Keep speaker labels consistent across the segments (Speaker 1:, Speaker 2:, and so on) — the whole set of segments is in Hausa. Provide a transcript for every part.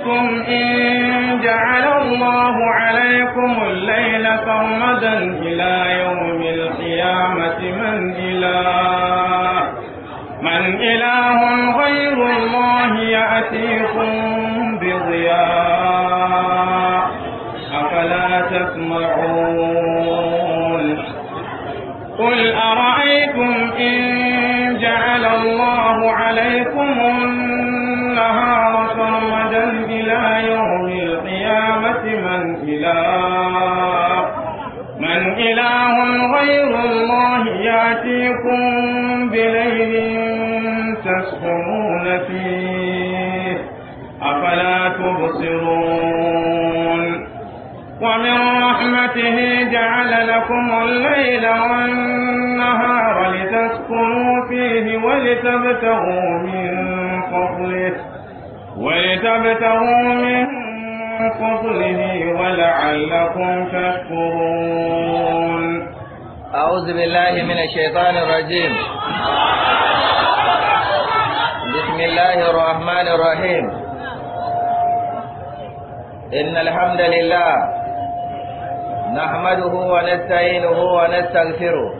Speaker 1: ربكم إن جعل الله عليكم الليل سرمدا إلى يوم القيامة من إله من إله غير الله يأتيكم ولتبتغوا من فضله ولتبتغوا من فضله ولعلكم تشكرون
Speaker 2: أعوذ بالله من الشيطان الرجيم
Speaker 3: بسم الله الرحمن الرحيم
Speaker 2: إن الحمد لله نحمده ونستعينه ونستغفره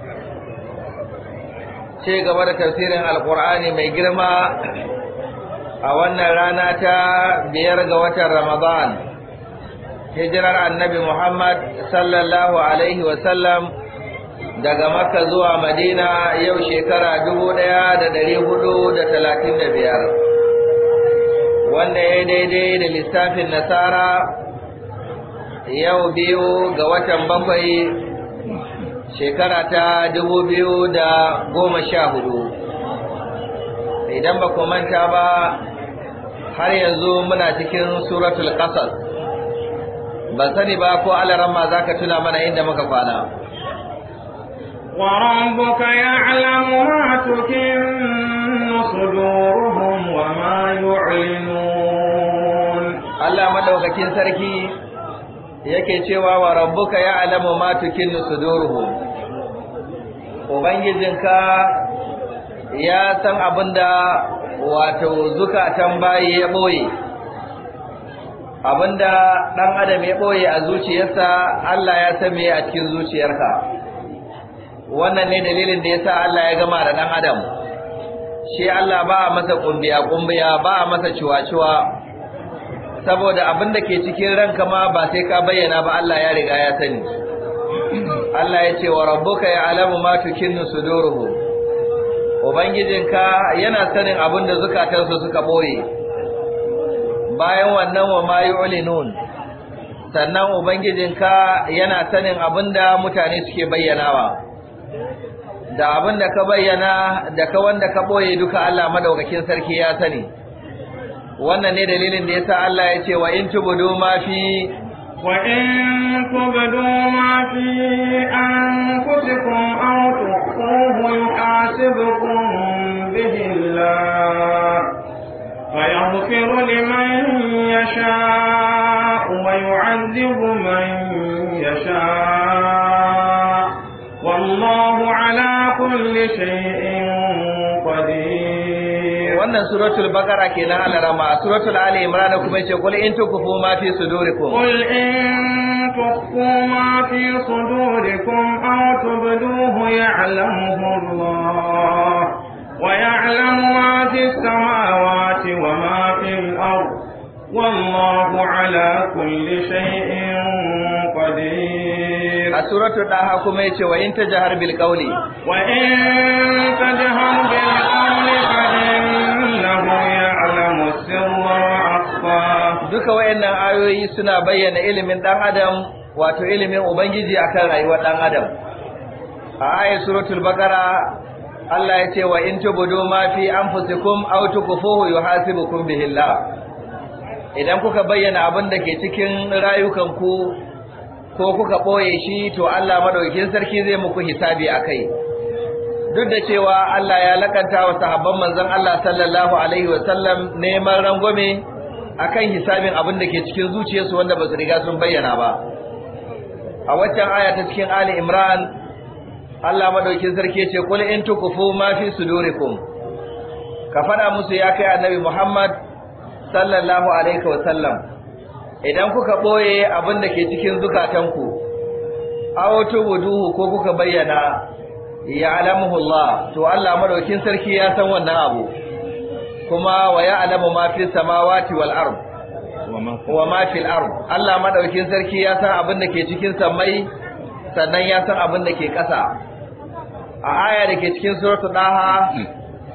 Speaker 2: ce gaba da tafsirin alkur'ani mai girma a wannan rana ta biyar ga watan ramadan hijirar annabi muhammad sallallahu alaihi wasallam daga maka zuwa madina yau shekara dubu ɗaya da dari hudu da talatin da biyar wanda ya daidai da lissafin nasara yau biyu ga watan bakwai shekara ta dubu biyu da goma sha hudu idan ba ku manta ba har yanzu muna cikin suratul qasas ban sani ba ko alaramma za ka tuna mana inda muka kwana وربك
Speaker 1: يعلم ما تكن صدورهم وما
Speaker 2: يعلنون الله مدوكاكين سركي yake cewa wa rabbuka alamu ma tukinnu suduruhum ubangijinka ya san abinda wato zukatan bayi ya boye abinda dan adam ya boye a zuciyarsa Allah ya san me a cikin zuciyarka wannan ne dalilin da yasa Allah ya gama da dan adam shi Allah ba masa kumbiya kumbiya ba masa ciwa-ciwa saboda abin da ke cikin ranka ma ba sai ka bayyana ba Allah ya riga ya sani Allah ya ce wa rabbuka alamu ma tukinnu suduruhu ubangijinka yana sanin abin da zukatansu suka boye bayan wannan wa ma yu'linun sannan ubangijinka yana sanin abin da mutane suke bayyanawa da abin da ka bayyana da ka wanda ka boye duka Allah madaukakin sarki ya sani wannan ne dalilin da yasa Allah ya ce wa in tubudu ma fi wa in
Speaker 1: tubudu ma fi an kutikum aw tuhu yu'asibukum bihi fa yaghfiru liman yasha wa yu'adhibu man yasha wallahu ala kulli shay'in
Speaker 2: qadir wannan suratul baqara kenan alarama suratul ali imran kuma yace kul in tukfu ma fi sudurikum
Speaker 1: kul in tukfu ma fi sudurikum aw tubduhu ya'lamuhu Allah wa ya'lamu ma fi samawati wa ma al
Speaker 2: ard wallahu ala kulli shay'in qadir سورة الدهاء كما يتشوى إن تجهر بالقول وإن تجهر بالقول duka wayannan ayoyi suna bayyana ilimin dan adam wato ilimin ubangiji akan rayuwar dan adam a ayat suratul baqara Allah ya ce wa in tubudu ma fi anfusikum aw tukfuhu yuhasibukum bihillah idan kuka bayyana abin da ke cikin rayukan ku ko kuka boye shi to Allah madaukakin sarki zai muku hisabi akai duk da cewa Allah ya lakanta wa sahabban manzon Allah sallallahu alaihi wasallam neman rangwame akan hisabin abin da ke cikin zuciyarsu wanda ba su riga sun bayyana ba a waccan aya ta cikin Ali Imran Allah madaukin sarki ce kul in tukufu ma fi sudurikum ka faɗa musu ya kai annabi Muhammad sallallahu alaihi wa sallam idan kuka boye abin da ke cikin zukatanku aw tubuduhu ko kuka bayyana ya'lamuhu Allah to Allah madaukin sarki ya san wannan abu kuma wa ya'lamu ma fi samawati wal ard wa ma al ard Allah madaukin sarki ya san abin da ke cikin samai sannan ya san abin da ke ƙasa a aya da ke cikin suratu daha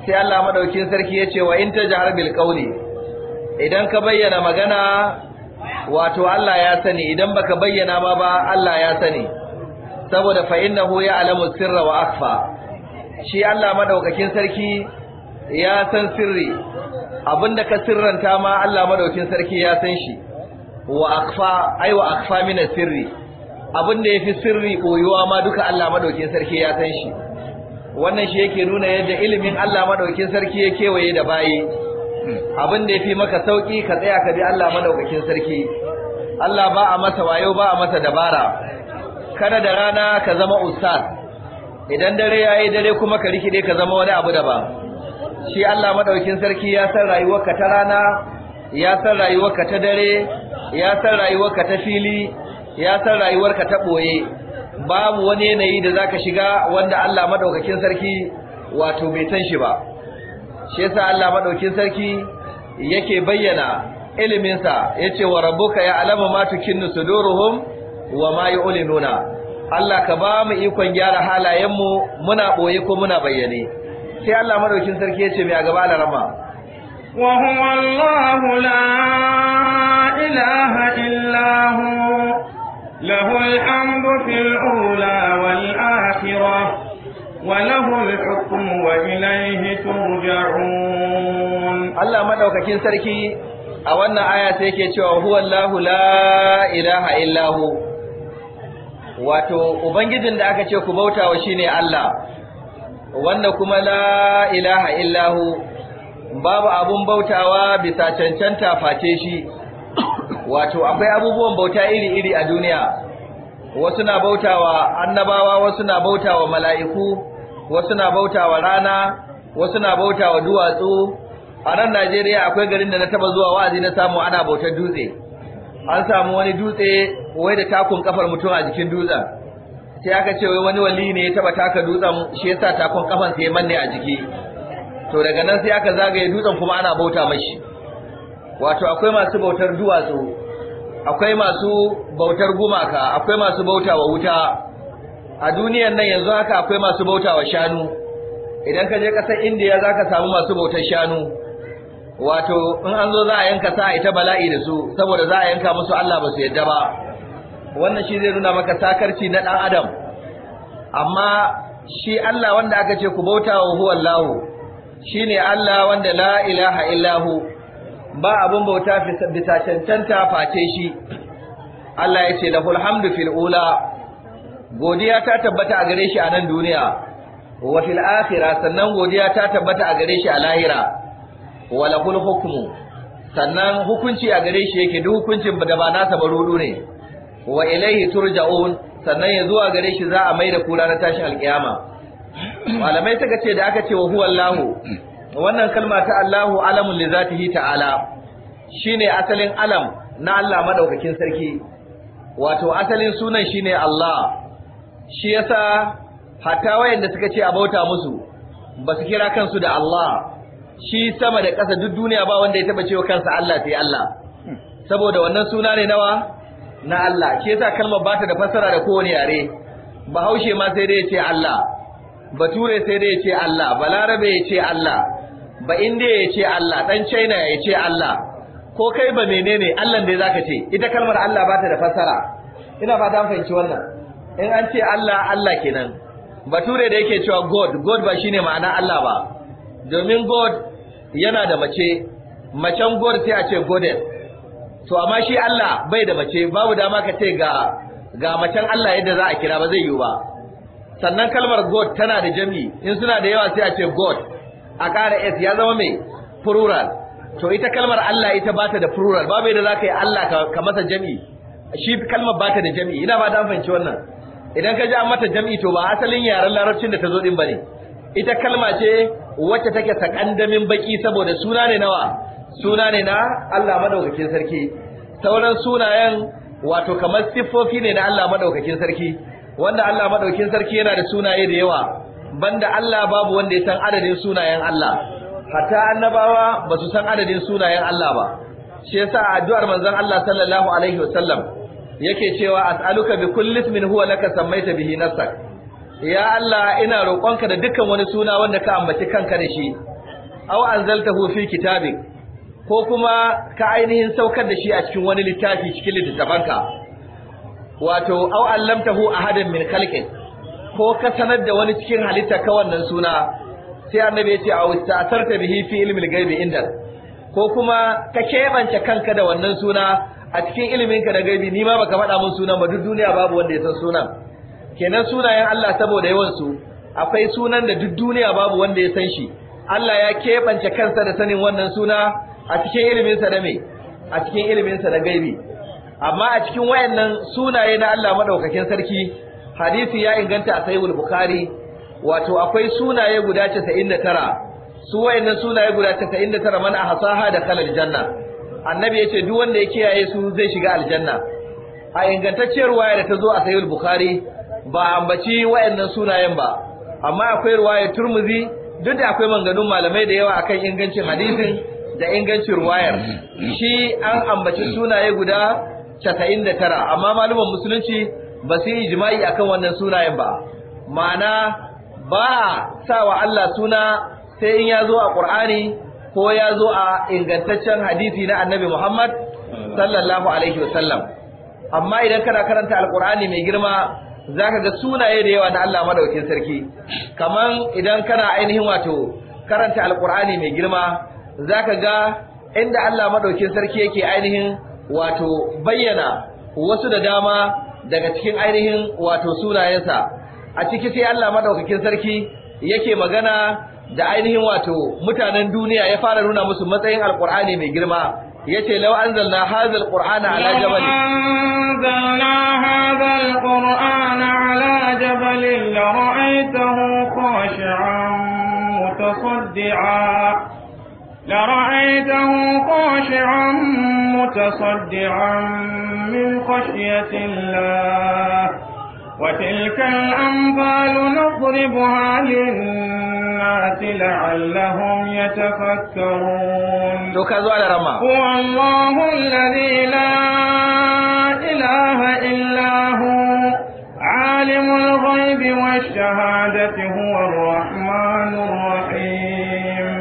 Speaker 2: sai Allah madaukin sarki ya ce wa in tajhar bil qawli idan ka bayyana magana wato Allah ya sani idan baka bayyana ba ba Allah ya sani saboda fa innahu ya'lamu sirra wa akfa shi Allah madaukakin sarki ya san sirri abinda ka sirranta ma Allah madaukin sarki ya san shi wa akfa ai wa akfa min sirri abinda yafi sirri koyuwa ma duka Allah madaukin sarki ya san shi wannan shi yake nuna yadda ilimin Allah madaukin sarki ya kewaye da bayi abinda yafi maka sauki ka tsaya ka bi Allah madaukin sarki Allah ba a masa wayo ba a masa dabara kada da rana ka zama ustaz idan dare yayi dare kuma ka rikide ka zama wani abu daban shi Allah madaukin sarki ya san rayuwarka ta rana ya san rayuwarka ta dare ya san rayuwarka ta fili ya san rayuwarka ta boye babu wani yanayi da zaka shiga wanda Allah madaukakin sarki wato bai san shi ba shi yasa Allah madaukin sarki yake bayyana iliminsa yace wa rabbuka ya alama ma tukinnu suduruhum wa ma yu'linuna Allah ka ba mu ikon gyara halayenmu muna boye ko muna bayyane sai Allah madaukin sarki ya ce mai a gaba rama
Speaker 1: wa huwa Allahu la ilaha illa hu lahul hamdu fil ula wal akhirah wa lahul hukmu
Speaker 2: wa ilayhi turja'un Allah madaukakin sarki a wannan aya sai yake cewa huwa Allahu la ilaha illa hu wato ubangijin da aka ce ku bautawa shine Allah wanda kuma la ilaha illahu babu abun bautawa bisa cancanta face shi wato akwai abubuwan bauta iri-iri a duniya wasu na bautawa annabawa wasu na bautawa mala'iku wasu na bautawa rana wasu na bautawa duwatsu a nan Najeriya akwai garin da na taba zuwa wa'azi na samu ana bautar dutse an samu wani dutse wai da takun kafar mutum a jikin dutsen sai aka ce wai wani wali ne ya taba taka dutsen shi yasa takon kafan sai manne a jiki to daga nan sai aka zagaye dutsen kuma ana bauta mashi wato akwai masu bautar duwatsu akwai masu bautar gumaka akwai masu bauta wa wuta a duniyan nan yanzu haka akwai masu bauta wa shanu idan ka je kasar indiya za ka samu masu bautar shanu wato in an zo za a yanka sa ita bala'i da su saboda za a yanka musu allah ba su yadda ba wannan shi zai nuna maka sakarci na ɗan adam amma shi Allah wanda aka ce ku bauta wa huwa Allah ne Allah wanda la ilaha illahu ba abun bauta bisa cancanta face shi Allah ya ce lahul hamdu fil ula godiya ta tabbata a gare shi a nan duniya wa fil akhirah sannan godiya ta tabbata a gare shi a lahira wa lahul hukmu sannan hukunci a gare shi yake duk hukuncin da ba nasa barudu ne wa ilaihi turja'un sannan ya zuwa gare shi za a mai da kura na tashin alkiyama malamai suka ce da aka ce wa huwa Allahu wannan kalma ta Allahu alamun li zatihi ta'ala shine asalin alam na Allah madaukakin sarki wato asalin sunan shine Allah shi yasa hatta wayanda suka ce a bauta musu ba su kira kansu da Allah shi sama da ƙasa duk duniya ba wanda ya taba cewa kansa Allah sai Allah hmm. saboda wannan suna ne nawa na Allah shi yasa kalmar ba ta da fassara da kowane yare bahaushe ma sai dai yace ce Allah bature sai dai yace Allah balarabe ya ce Allah ba inda ya Allah dan china yace ce Allah ko kai ba menene Allah dai zaka ce ita kalmar Allah ba ta da fassara ina fata an fahimci wannan in an ce Allah Allah kenan bature da yake cewa god god ba shine ma'ana Allah ba domin god yana da mace macen god sai a ce goddess to amma shi Allah bai da mace babu dama ka ce ga ga macen Allah yadda za a kira ba zai yiwu ba sannan kalmar god tana da jami in suna da yawa sai a ce god a ƙara s ya zama mai plural to ita kalmar Allah ita ba ta da plural babu yadda za ka yi Allah ka masa jami shi kalmar ba ta da jami ina ba da fahimci wannan idan ka ji an mata jami to ba asalin yaren larabcin da ta zo din bane ita kalma ce wacce take sakandamin baki saboda suna ne nawa suna ne na Allah madaukakin sarki sauran sunayen wato kamar siffofi ne na Allah madaukakin sarki wanda Allah madaukakin sarki yana da sunaye da yawa banda Allah babu wanda ya san adadin sunayen Allah hatta annabawa ba su san adadin sunayen Allah ba shi yasa addu'ar manzon Allah sallallahu alaihi wasallam yake cewa as'aluka bi kulli ismin huwa laka sammaita bihi nafsak ya Allah ina roƙonka da dukkan wani suna wanda ka ambaci kanka da shi aw anzaltahu fi kitabik ko kuma ka ainihin saukar da shi a cikin wani littafi cikin littattafanka wato au allamtahu ahadan min khalqin ko ka sanar da wani cikin halitta ka wannan suna sai annabi ya ce a ta'tarta bihi fi ilmi al-ghaibi inda ko kuma ka kebance kanka da wannan suna a cikin ka da gaibi ni ma baka faɗa mun sunan ba duk duniya babu wanda ya san sunan kenan sunayen Allah saboda yawan su akwai sunan da duk duniya babu wanda ya san shi Allah ya keɓance kansa da sanin wannan suna a cikin ilimin sa na me a cikin ilimin sa na gaibi amma a cikin wayannan sunaye na Allah madaukakin sarki hadisi ya inganta a sahihul bukhari wato akwai sunaye guda 99 su wayannan sunaye guda 99 man ahsaha da kalal janna annabi yace duk wanda ya kiyaye su zai shiga aljanna a ingantacciyar waya da ta zo a sahihul bukhari ba ambaci wayannan sunayen ba amma akwai ruwaya turmuzi duk da akwai manganun malamai da yawa akan ingancin hadisin da ingancin ruwayar shi an ambaci sunaye guda 99 amma malaman musulunci ba su yi jima'i akan wannan sunayen ba ma'ana ba sa sawa Allah suna sai in ya zo a Qur'ani ko ya zo a ingantaccen hadisi na Annabi Muhammad sallallahu alaihi wasallam amma idan kana karanta alqur'ani mai girma zaka ga sunaye da yawa na Allah madaukin sarki kaman idan kana ainihin wato karanta alqur'ani mai girma Za ka ga inda Allah maɗaukin sarki yake ainihin wato bayyana wasu da dama daga cikin ainihin wato sunayensa a ciki sai Allah maɗaukakin sarki yake magana da ainihin wato mutanen duniya ya fara nuna musu matsayin Alƙur'ani mai girma ya ce anzalna hadha alqur'ana ala jabal
Speaker 1: ala jabali la ra'aytahu khashi'an mutasaddi'a لرأيته خاشعا متصدعا من خشية الله وتلك الأنفال نضربها للناس لعلهم يتفكرون هو الله الذي لا إله إلا هو عالم الغيب والشهادة هو الرحمن الرحيم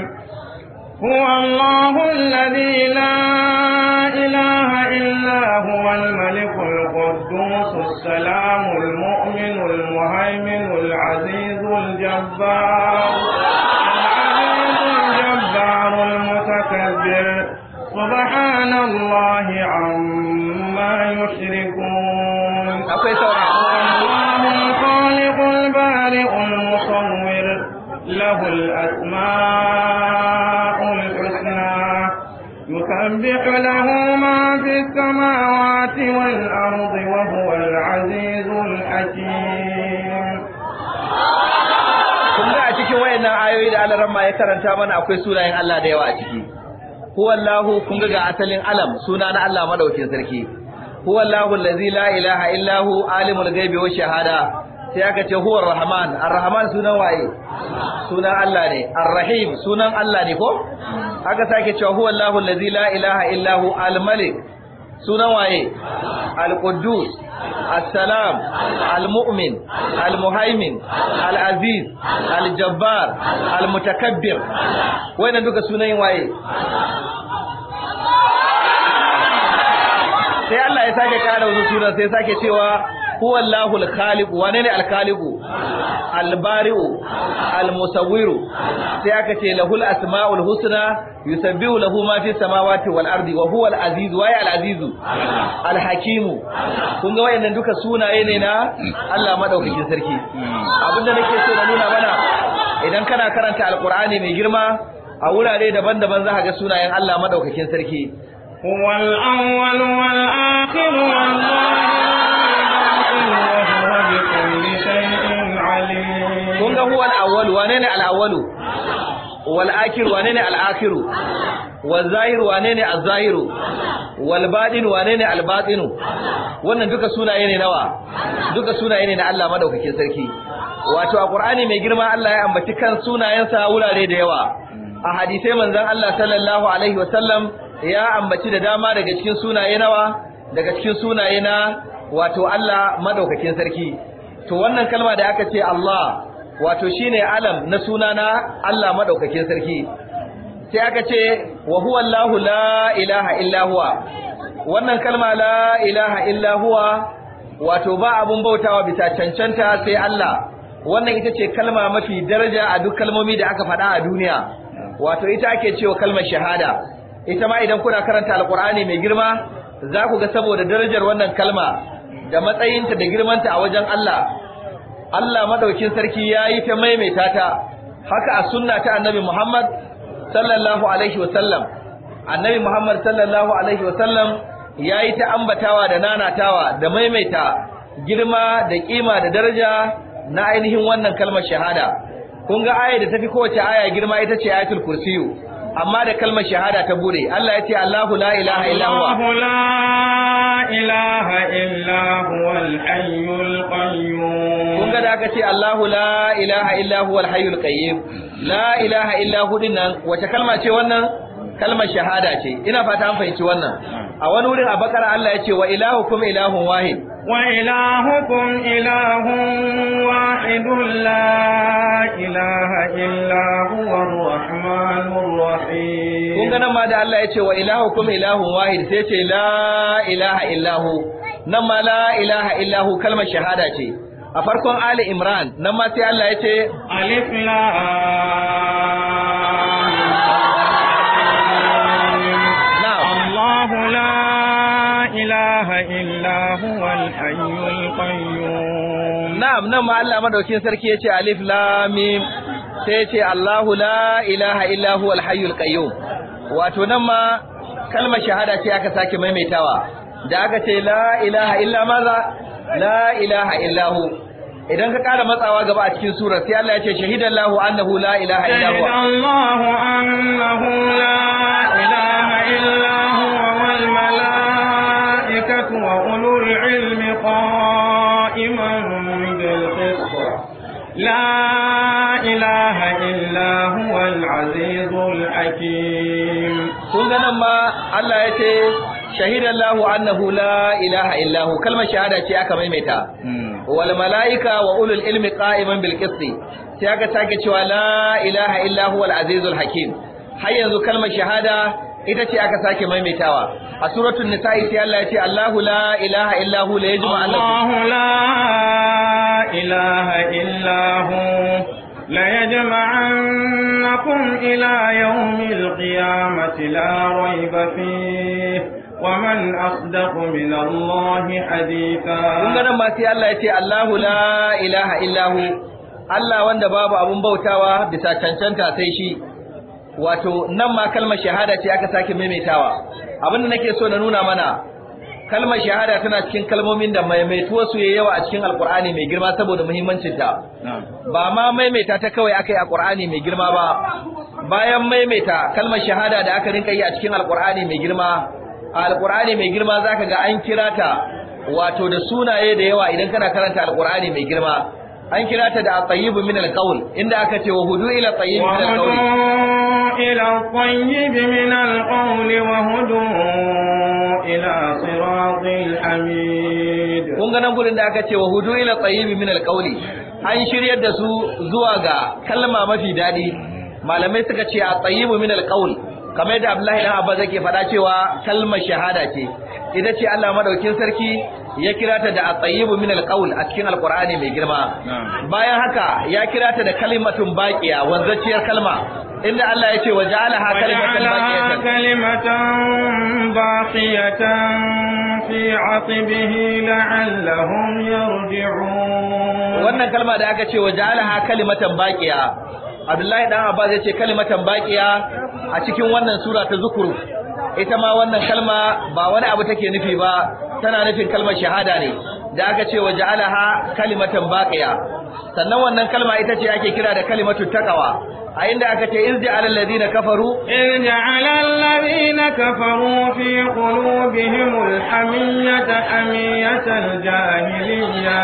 Speaker 1: هو الله الذي لا إله إلا هو الملك القدوس السلام المؤمن المهيمن العزيز الجبار
Speaker 2: karanta mana akwai sunayen Allah da yawa a ciki huwallahu kun ga asalin alam suna na Allah madaukin sarki huwallahu allazi la ilaha illa hu alimul ghaibi wa shahada sai aka ce huwar rahman ar-rahman sunan waye sunan Allah ne ar-rahim sunan Allah ne ko aka sake cewa huwallahu allazi la ilaha illa hu al-malik sunan waye al-quddus السلام المؤمن المهيمن العزيز الجبار المتكبر وين دوك سنين واي sai Allah ya sake kara wasu sunan sai sake cewa huwa Allahu al wane ne al al-bari'u al sai aka ce lahul asma'ul husna yusabbihu lahu ma fi samawati wal ardi wa huwa al-aziz wa ya al-aziz al-hakim kun ga wayannan duka sunaye ne na Allah madaukakin sarki abinda nake so na nuna mana idan kana karanta alqur'ani mai girma a wurare daban-daban za ka ga sunayen Allah madaukakin sarki huwal awwal wal akhir وهو
Speaker 1: بكل شيء عليم
Speaker 2: kun ga huwa al wane ne al Wal'akiru, wane ne al'akiru? akhir wane ne alzahiru? zahir wane ne al wannan duka sunaye ne nawa duka sunaye ne na Allah madaukakin sarki wato a Qur'ani mai girma Allah ya ambaci kan sunayensa wurare da yawa a hadisai manzon Allah sallallahu alaihi wasallam ya ambaci da dama daga cikin sunaye nawa daga cikin sunaye na wato Allah madaukakin sarki to wannan kalma da aka ce Allah wato shine alam na sunana Allah madaukakin sarki sai aka ce wa huwa Allahu la ilaha illa huwa wannan kalma la ilaha illa huwa wato ba abun bautawa bisa cancanta sai Allah wannan ita ce kalma mafi daraja a duk kalmomi da aka faɗa a duniya wato ita ake cewa kalmar shahada ita ma idan kuna karanta alkur'ani mai girma za ku ga saboda darajar wannan kalma da matsayinta da girmanta a wajen Allah Allah madaukin sarki yayi ta maimaita ta haka a sunna ta annabi Muhammad sallallahu alaihi wa sallam annabi Muhammad sallallahu alaihi wa sallam yayi ta ambatawa da nanatawa da maimaita girma da kima da daraja na ainihin wannan kalmar shahada kun ga aya da tafi kowace aya girma ita ce ayatul kursiyu amma da kalmar shahada ta bude Allah ya ce Allahu la ilaha illa huwa Allahu la ilaha illa huwa al-hayyul qayyum kun ga da aka ce Allahu la ilaha illa huwa al-hayyul qayyum la ilaha illa hu dinnan wace kalma ce wannan kalmar shahada ce ina fata an fahimci wannan a wani wurin a bakara Allah ya ce wa ilahukum ilahun wahid وإلهكم إله واحد لا إله إلا هو الرحمن الرحيم kun ganin ma da Allah ya ce wa ilahukum ilahun wahid sai ce la ilaha illahu nan ma la ilaha illahu kalmar shahada ce a farkon Ali Imran nan ma sai Allah ya ce na'am nan ma Allah madaukin sarki yace alif lam mim yace Allahu la ilaha illa huwal hayyul qayyum wato nan ma kalmar shahada ce aka sake maimaitawa da aka ce la ilaha illa maza la ilaha illa hu idan ka kara matsawa gaba a cikin surar sai Allah ya ce shahidan annahu la ilaha illa huwa
Speaker 1: annahu la قائما بالقسط لا إله إلا
Speaker 2: هو العزيز الحكيم كنا ما الله يتي شهد الله أنه لا إله إلا هو كلمة شهادة شيء أكا ميمتا والملائكة وأولو العلم قائما بالقسط شيء أكا تاكي لا إله إلا هو العزيز الحكيم har yanzu kalmar shahada ita ce aka sake maimaitawa a suratul nisa'i sai Allah ya ce Allahu la ilaha illa hu la yajma Allahu la ilaha illa hu la yajma'annakum
Speaker 1: ila yawmil qiyamati la rayba fihi
Speaker 2: Allah hadika kun ga nan كنا sai Allah ya ce Allahu la ilaha illa hu Allah wanda babu abun bautawa bisa cancanta sai shi wato nan ma kalmar shahada ce aka sake maimaitawa abinda nake so na nuna mana kalmar shahada tana cikin kalmomin da maimaituwa su yayi yawa a cikin alkur'ani mai girma saboda muhimmancin ta ba ma maimaita ta kawai akai a qur'ani mai girma ba bayan maimaita kalmar shahada da aka rinka yi a cikin alqur'ani mai girma a alkur'ani mai girma zaka ga an kira ta wato da sunaye da yawa idan kana karanta alkur'ani mai girma an kira ta da a tayyib min al-qawl inda aka ce wa hudu ila tayyib min
Speaker 1: al-qawl ila tayyib min al-qawl wa hudu
Speaker 2: ila siratil hamid kun ga nan gurin da aka ce wa hudu ila tayyib min al-qawl an shiryar da su zuwa ga kalma mafi dadi malamai suka ce a tayyib min al-qawl kamar yadda Abdullahi dan Abbas yake faɗa cewa kalmar shahada ce ita ce Allah madaukin sarki ya kira ta da atayibu min alqaul a cikin alqur'ani mai girma bayan haka ya kira ta da kalimatun baqiya wanzacciyar kalma inda Allah ya ce wa ja'alaha kalimatan kalimatan baqiyatan fi 'aqibihi la'allahum yarji'un wannan kalma da aka ce wa ja'alaha kalimatan baqiya Abdullahi dan Abbas ya ce kalimatan baqiya a cikin wannan sura ta zukuru ita ma wannan kalma ba wani abu take nufi ba tana nufin kalmar shahada ne da aka ce wa ja'alaha kalimatan baqiya sannan wannan kalma ita ce ake kira da kalimatu taqwa a inda aka ce iz ja'ala alladhina kafaru in ja'ala alladhina kafaru fi
Speaker 1: qulubihim alhamiyata hamiyatan jahiliyya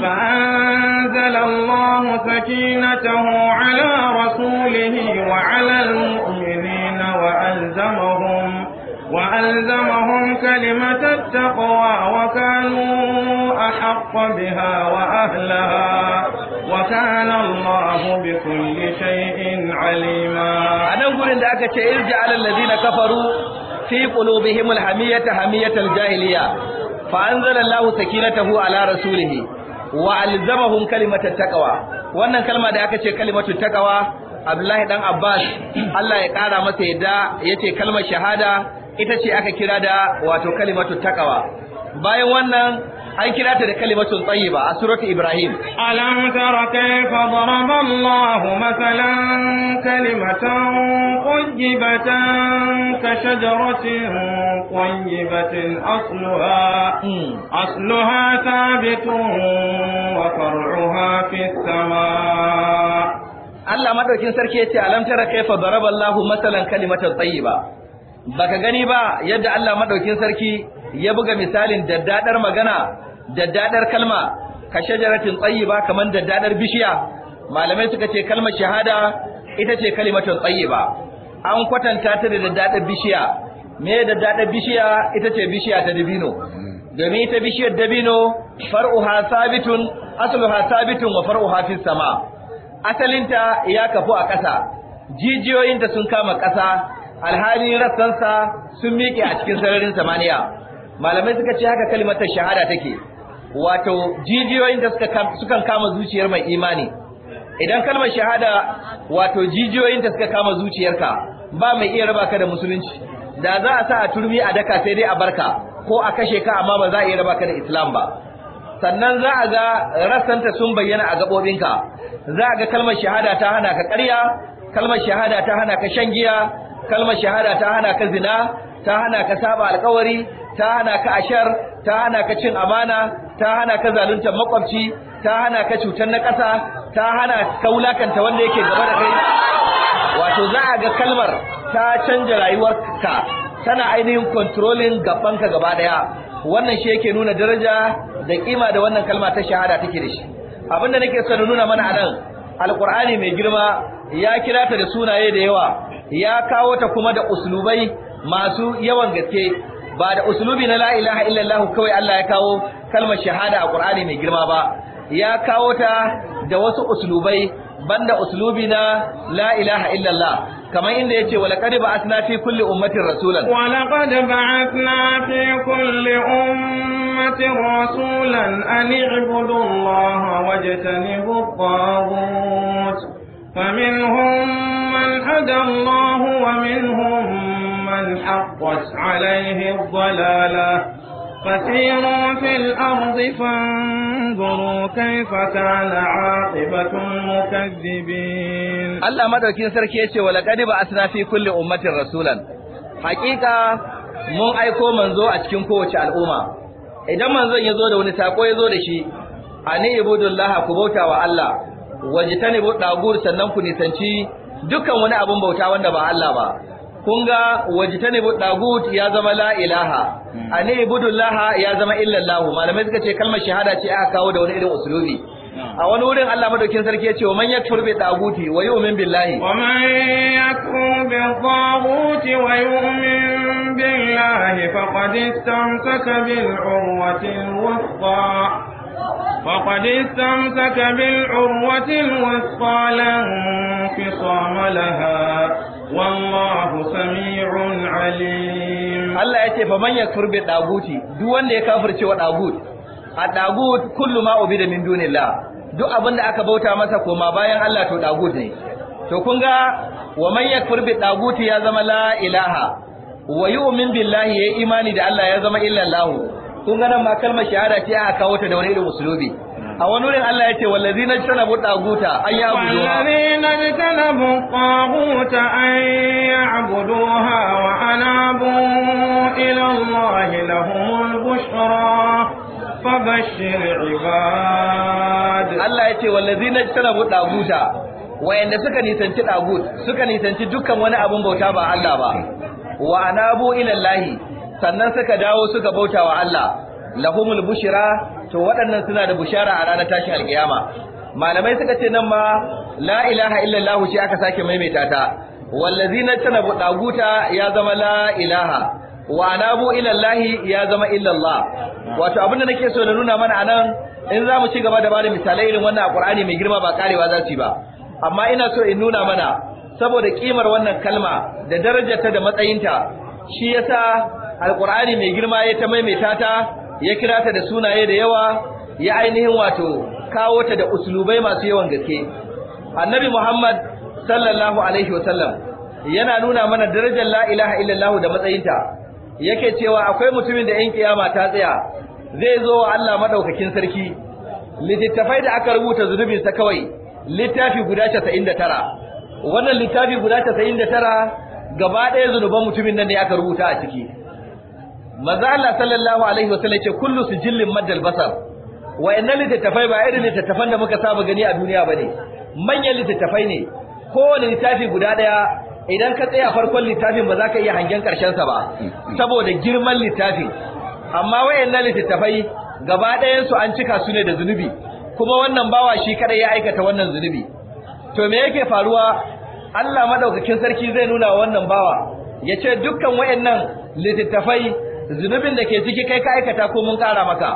Speaker 1: فأنزل الله سكينته على rasulihi. فألزمهم كلمة التقوى وكانوا أحق بها وأهلها وكان الله بكل شيء
Speaker 2: عليما أنا أقول إن ذاك ارجع الذين كفروا في قلوبهم الحمية حمية الجاهلية فأنزل الله سكينته على رسوله وألزمهم كلمة التقوى wannan kalma da aka ce kalimatu takawa Abdullahi dan Abbas Allah ya kara masa yadda yace kalmar shahada ita ce aka kira da wato kalimatu takawa bayan wannan an kira ta da kalimatun tayyiba a suratu ibrahim alam tara kayfa daraba allah masalan
Speaker 1: kalimatan qayyibatan ka shajaratin qayyibatin asluha hmm. asluha thabitun
Speaker 2: wa far'uha fi samaa Allah madaukin sarki yace alam tara kayfa daraba allah masalan kalimatan tayyiba baka gani ba yadda Allah madaukin sarki ya buga misalin daddadar magana daddadar kalma ka shajaratin tsayiba kaman daddadar bishiya malamai suka ce kalmar shahada ita ce kalimatun tsayiba an kwatanta ta da daddadar bishiya me daddadar bishiya ita ce bishiya ta dabino domin ita bishiyar dabino far'uha sabitun asluha sabitun wa far'uha fis sama asalinta ya kafu a ƙasa jijiyoyinta sun kama ƙasa alhali rassansa sun miƙe a cikin sararin samaniya malamai suka ce haka kalmatar shahada take wato jijiyoyin da suka kama zuciyar mai imani idan kalmar shahada wato jijiyoyin da suka kama zuciyarka ba mai iya raba ka da musulunci da za a sa a turmi a daka sai dai a barka ko a kashe ka amma ba za a iya raba ka da islam ba sannan za a ga rassanta sun bayyana a gaɓoɓinka za a ga kalmar shahada ta hana ka ƙarya kalmar shahada ta hana ka shan giya kalmar shahada ta hana ka zina ta hana ka saba alkawari ta hana ka ashar ta hana ka cin amana ta hana ka zaluntar makwabci ta hana ka cutar na ƙasa ta hana ka wulakanta wanda yake gaba da kai wato za a ga kalmar ta canja rayuwarka tana ainihin controlling ka gaba daya wannan shi yake nuna daraja da kima da wannan kalma ta shahada take da shi abinda nake so nuna mana a nan alkur'ani mai girma ya kira ta da sunaye da yawa ya kawo ta kuma da uslubai masu yawan gaske ba da uslubi na la ilaha illallah kawai Allah ya kawo kalmar shahada a Qur'ani mai girma ba ya kawo ta da wasu uslubai banda uslubi na la ilaha illallah kamar inda yace wala qad ba'athna fi kulli ummatin rasulan wala qad ba'athna
Speaker 1: fi kulli ummatin rasulan an i'budu allaha wajtanibu فمنهم من هدى الله ومنهم من حقت عليه الضلالة فسيروا في الأرض فانظروا
Speaker 2: كيف كان عاقبة المكذبين الله مدركين سركيتي ولقد بعثنا في كل أمة رسولا حقيقة mun aiko manzo a cikin kowace al'umma idan manzon ya zo da wani sako ya zo da shi ani ibudullaha ku bauta wa Allah wajtanibu dagur sannan ku nisanci dukan wani abin bauta wanda ba Allah ba kun ga wajtanibu dagut ya zama la ilaha hmm. ani ibudullaha ya zama illallah malamai suka ce kalmar shahada ce aka kawo da wani irin usulubi hmm. a wani wurin Allah madaukin sarki ya ce wa man yakfur bi taguti wa yu'min billahi wa man yakfur bi taguti wa yu'min billahi
Speaker 1: faqad istamsaka bil urwati al-wuthqa فقد استمسك بالعروة الوثقى لا انفصام
Speaker 2: لها والله سميع عليم الله يتي فمن يكفر بالطاغوت دو wanda ya kafirce wa tagut a tagut kullu ma ubida min dunillah duk abin da aka bauta masa koma bayan Allah to tagut ne to kun ga wa man yakfur bi tagut ya zama la ilaha wa yu'min billahi ya imani da Allah ya zama illallahu kun ga nan ma kalmar shahada ce aka kawo ta da wani irin musulubi a wani wurin Allah ya ce wallazi na tana bu taguta an ya abudu wallazi na tana bu
Speaker 1: taguta an ya abuduha wa anabu ila
Speaker 2: Allah lahumul bushra fabashir ibad Allah ya ce wallazi na tana bu taguta wayanda suka nisanci tagut suka nisanci dukkan wani abun bauta ba Allah ba wa anabu ila Allah sannan suka dawo suka bauta wa Allah lahumul bushira to waɗannan suna da bushara a ranar tashin alkiyama malamai suka ce nan ma la ilaha illallah shi aka sake maimaita ta wallazina tanabu daguta ya zama la ilaha wa anabu ilallahi ya zama illallah wato abinda nake so na nuna mana anan in za mu ci gaba da ba da misalai irin wannan alqur'ani mai girma ba karewa za su yi ba amma ina so in nuna mana saboda kimar wannan kalma da darajarta da matsayinta shi yasa alkur'ani mai girma ya ta maimaita ta ya kira ta da sunaye da yawa ya ainihin wato kawo ta da uslubai masu yawan gaske annabi muhammad sallallahu alaihi wasallam yana nuna mana darajar la ilaha illallah da matsayinta yake cewa akwai mutumin da yan kiyama ta tsaya zai zo wa Allah madaukakin sarki littattafai da aka rubuta zunubin kawai littafi guda 99 wannan littafi guda 99 gaba ɗaya zunuban mutumin nan ne aka rubuta a ciki Maza Allah sallallahu alaihi wasallam yace kullu sijillin madal basar wayannan littattafai ba irin littattafan da muka saba gani a duniya bane manyan litattafai ne kowane littafi guda daya idan ka tsaya farkon littafin ba za ka iya hangen karshen sa ba saboda girman litafin amma wayannan litattafai, gaba ɗayan su an cika su ne da zunubi kuma wannan bawa shi kada ya aikata wannan zunubi to me yake faruwa Allah madaukakin sarki zai nuna wannan bawa yace dukkan wayannan litattafai. zunubin da ke ciki kai ka aikata ko mun kara maka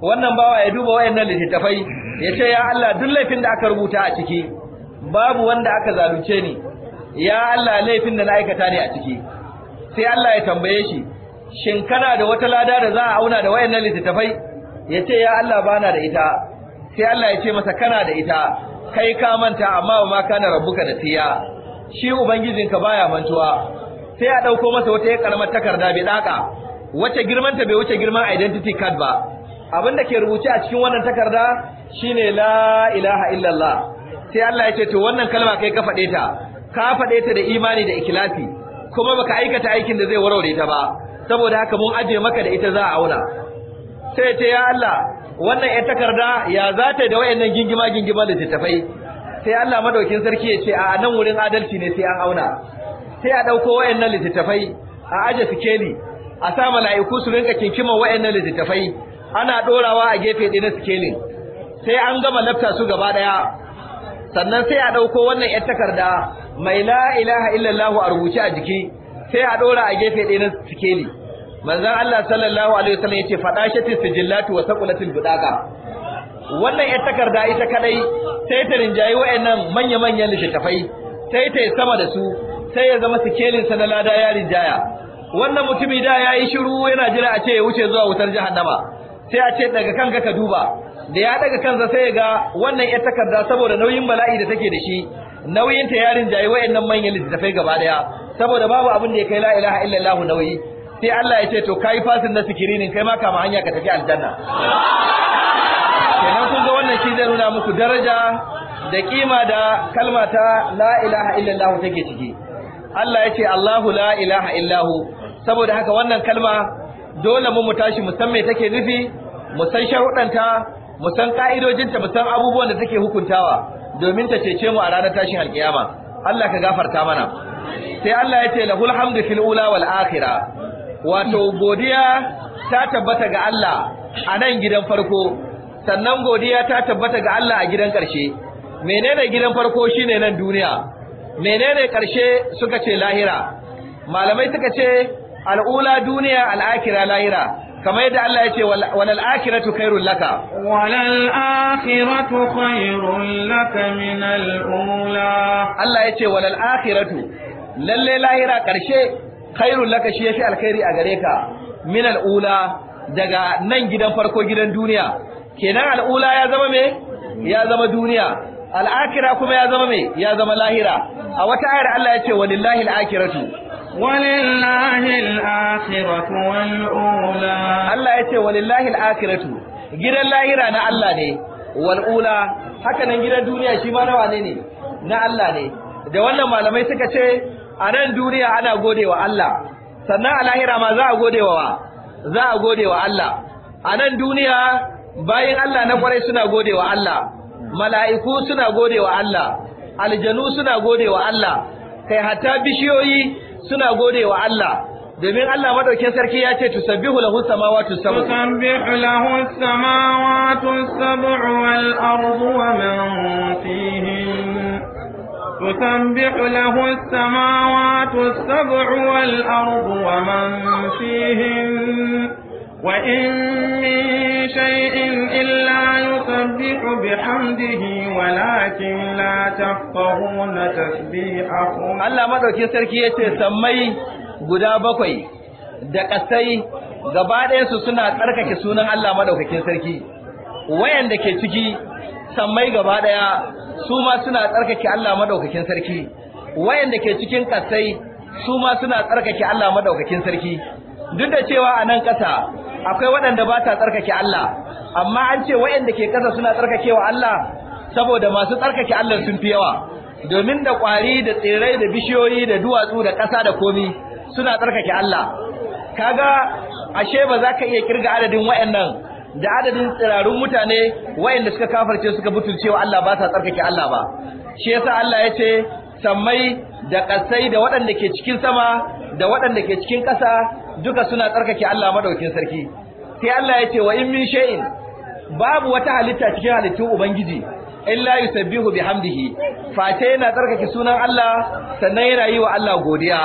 Speaker 2: wannan bawa ya duba wayannan littafai ya ce ya Allah duk laifin da aka rubuta a ciki babu wanda aka zalunce ni ya Allah laifin da na aikata ne a ciki sai Allah ya tambaye shi shin kana da wata lada da za a auna da wayannan littafai ya ce ya Allah bana da ita sai Allah ya ce masa kana da ita kai ka manta amma ma kana rabbuka da tiya shi ubangijinka baya mantuwa sai a ɗauko masa wata ya karamar takarda bai daka girman ta bai wuce girman identity card ba abinda ke rubuce a cikin wannan takarda shine la ilaha illallah sai Allah ya ce to wannan kalma kai ka faɗe ta ka faɗe ta da imani da ikhlasi kuma baka aikata aikin da zai warware ta ba saboda haka mun aje maka da ita za a auna sai ce ya Allah wannan ita takarda ya za ta da wayannan gingima gingima da tafai sai Allah madaukin sarki ya ce a nan wurin adalci ne sai an auna sai a dauko wayannan littattafai a aje sikeli a sa mala'iku su rinka kinkiman wayannan littattafai ana dorawa a gefe ɗina suke sikelin sai an gama lafta su gaba ɗaya sannan sai a ɗauko wannan yar takarda mai la ilaha illallah a rubuce a jiki sai a dora a gefe ɗina suke ne manzon Allah sallallahu alaihi wasallam yace fadashati sijillatu wa saqulatil budaka wannan yar takarda ita kadai sai ta rinjayi wayannan manya-manyan littattafai sai ta yi sama da su sai ya zama sikelin sa na lada ya rinjaya wannan mutumi da ya yi shiru yana jira a ce ya wuce zuwa wutar jahannama sai a ce daga kanka ka duba da ya daga kansa sai ya ga wannan yar takarda saboda nauyin bala'i da take da shi nauyin ta yarin jayi wayannan manyan littafai gaba daya saboda babu abin da ya kai la ilaha illallah nauyi sai Allah ya ce to kai fasin na sikirinin kai ma kama hanya ka tafi aljanna kenan kun ga wannan shi zai nuna muku daraja da kima da kalma ta la ilaha illallah take ciki Allah ya ce Allahu la ilaha illahu saboda haka wannan kalma dole mu mu tashi mu san me take nufi mu san sharuɗanta mu san ka'idojinta mu san abubuwan da take hukuntawa domin ta cece mu a ranar tashin alkiyama Allah ka gafarta mana sai Allah ya ce lahul hamdu fil ula wal akhira wato godiya ta tabbata ga Allah a nan gidan farko sannan godiya ta tabbata ga Allah a gidan ƙarshe menene gidan farko shine nan duniya menene ƙarshe suka ce lahira malamai suka ce al'ula duniya al'akira lahira kamar yadda Allah ya ce walal akhiratu khairul laka walal akhiratu khairul laka min al'ula Allah ya ce al'akira tu lalle lahira ƙarshe khairul laka shi ya yafi alkhairi a gare ka min al'ula daga nan gidan farko gidan duniya kenan al'ula ya zama me ya zama duniya al'akira kuma ya zama me ya zama lahira a wata ayar Allah ya ce walillahi al'akiratu walillahi ya akhiratu wal ula Allah walillahi al-akhiratu gidan lahira na Allah ne wal gidan duniya shi ma na wane ne na Allah ne da wannan malamai suka ce a nan duniya ana gode wa Allah sannan a lahira ma za a gode wa? za a gode wa Allah a nan duniya bayan Allah na kwarai suna gode wa Allah mala'iku suna gode wa Allah aljanu suna gode wa Allah kai hatta bishiyoyi suna gode wa Allah domin Allah madaukin sarki ya ce tusabbihu lahu samawati sab'u tusabbihu lahu samawati sab'u
Speaker 1: wal ardu wa man fihin تسبح له السماوات السبع والأرض ومن fihin. وإن من شيء إلا يسبح
Speaker 2: بحمده ولكن لا تفقهون تسبيحهم الله مدوكي سركي yace sammai guda bakwai da kasai gaba ɗayansu suna tsarkake sunan Allah maɗaukakin sarki wayanda ke ciki sammai gabaɗaya ɗaya su ma suna tsarkake Allah maɗaukakin sarki wayanda ke cikin kasai su ma suna tsarkake Allah maɗaukakin sarki duk da cewa a nan ƙasa akwai waɗanda ba ta tsarkake Allah amma an ce waɗanda ke ƙasa suna tsarkakewa Allah saboda masu tsarkake Allah sun fi yawa domin da ƙwari da tsirrai da bishiyoyi da duwatsu da ƙasa da komi suna tsarkake Allah kaga ashe ba za ka iya kirga adadin waɗannan da adadin tsirarun mutane waɗanda suka kafarce suka wa Allah ba ta tsarkake Allah ba shi yasa Allah ya ce sammai da ƙasai da waɗanda ke cikin sama da waɗanda ke cikin ƙasa duka suna tsarkake Allah madaukin sarki sai Allah ya ce wa in min shay'in babu wata halitta cikin halittun ubangiji illa yusabbihu bihamdihi fate yana tsarkake sunan Allah sannan yana yi wa Allah godiya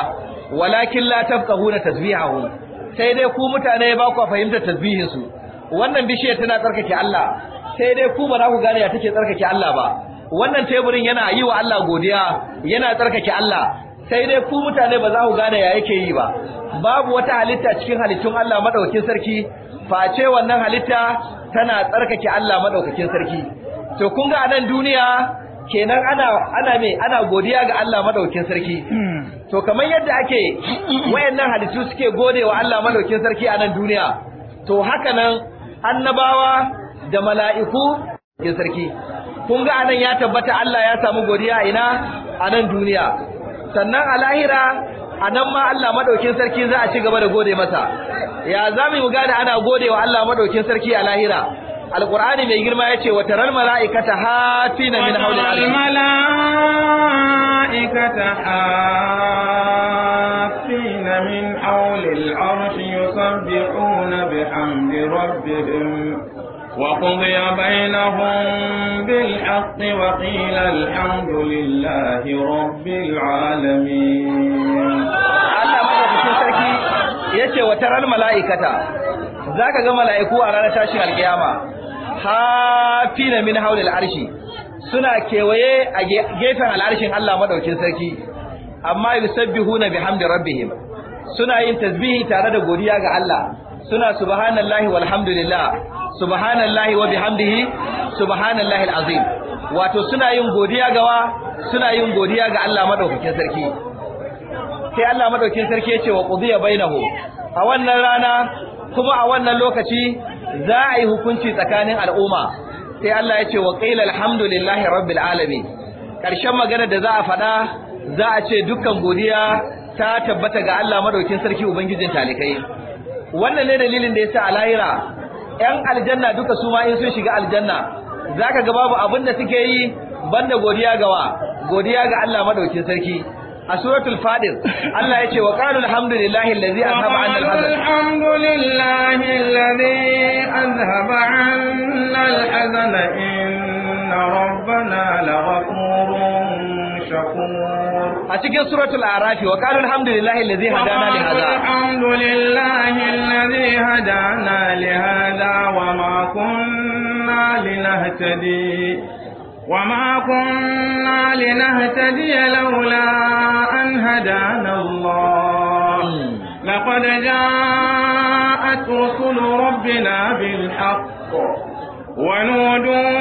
Speaker 2: walakin la tafqahuna tasbihahu sai dai ku mutane ba ku fahimta tasbihin su wannan bishiyar tana tsarkake Allah sai dai ku ba za ku gane ya take tsarkake Allah ba wannan teburin yana yi wa Allah godiya yana tsarkake Allah sai dai ku mutane ba za ku gane ya yake yi ba babu wata halitta cikin halittun Allah madaukakin sarki face wannan halitta tana tsarkake Allah madaukakin sarki to kun ga anan duniya kenan ana ana me ana godiya ga Allah madaukakin sarki to kamar yadda ake wayannan halittu suke gode wa Allah madaukakin sarki a nan duniya to haka nan annabawa da mala'iku sarki kun ga anan ya tabbata Allah ya samu godiya ina a nan duniya sannan a lahira a nan ma Allah maɗaukin sarki za a ci gaba da gode masa ya za mu gane ana gode wa Allah maɗaukin sarki a lahira Alƙur'ani mai girma yace wata ran malaikata hafina min hawli al malaikata
Speaker 1: hafina min hawli al arshi yusabbihuna bihamdi rabbihim وقضي بينهم بالحق وقيل الحمد لله رب
Speaker 2: العالمين Allah madaukakin sarki yace wa taral mala'ikata zaka ga mala'iku a ranar tashin alkiyama hafina min haulil arshi suna kewaye a gefen al'arshin Allah Maɗaukin sarki amma yusabbihuna bihamdi rabbihim suna yin tasbihi tare da godiya ga Allah suna subhanallahi walhamdulillah subhanallahi wa bihamdihi subhanallahi alazim wato suna yin godiya gawa suna yin godiya ga Allah madaukakin sarki sai Allah madaukakin sarki ya ce wa qudiya bainahu a wannan rana kuma a wannan lokaci za a yi hukunci tsakanin al'umma sai Allah ya ce wa qila alhamdulillahi rabbil alamin karshen magana da za a faɗa za a ce dukkan godiya ta tabbata ga Allah madaukakin sarki ubangijin talikai wannan ne dalilin da ya sa a lahira yan aljanna duka su ma in sun shiga aljanna zaka ga babu abin da suke yi banda godiya gawa godiya ga Allah madaukin sarki a suratul fadil Allah yace wa qalu alhamdulillahi allazi azhaba 'anna hazan alhamdulillahi allazi an 'anna
Speaker 1: hazan inna rabbana laghafurun
Speaker 2: شكور سورة الأعراف وقالوا
Speaker 1: الحمد لله الذي هدانا لهذا الحمد لله الذي هدانا لهذا وما كنا لنهتدي وما كنا لنهتدي لولا أن هدانا الله لقد جاءت رسل ربنا بالحق ونودوا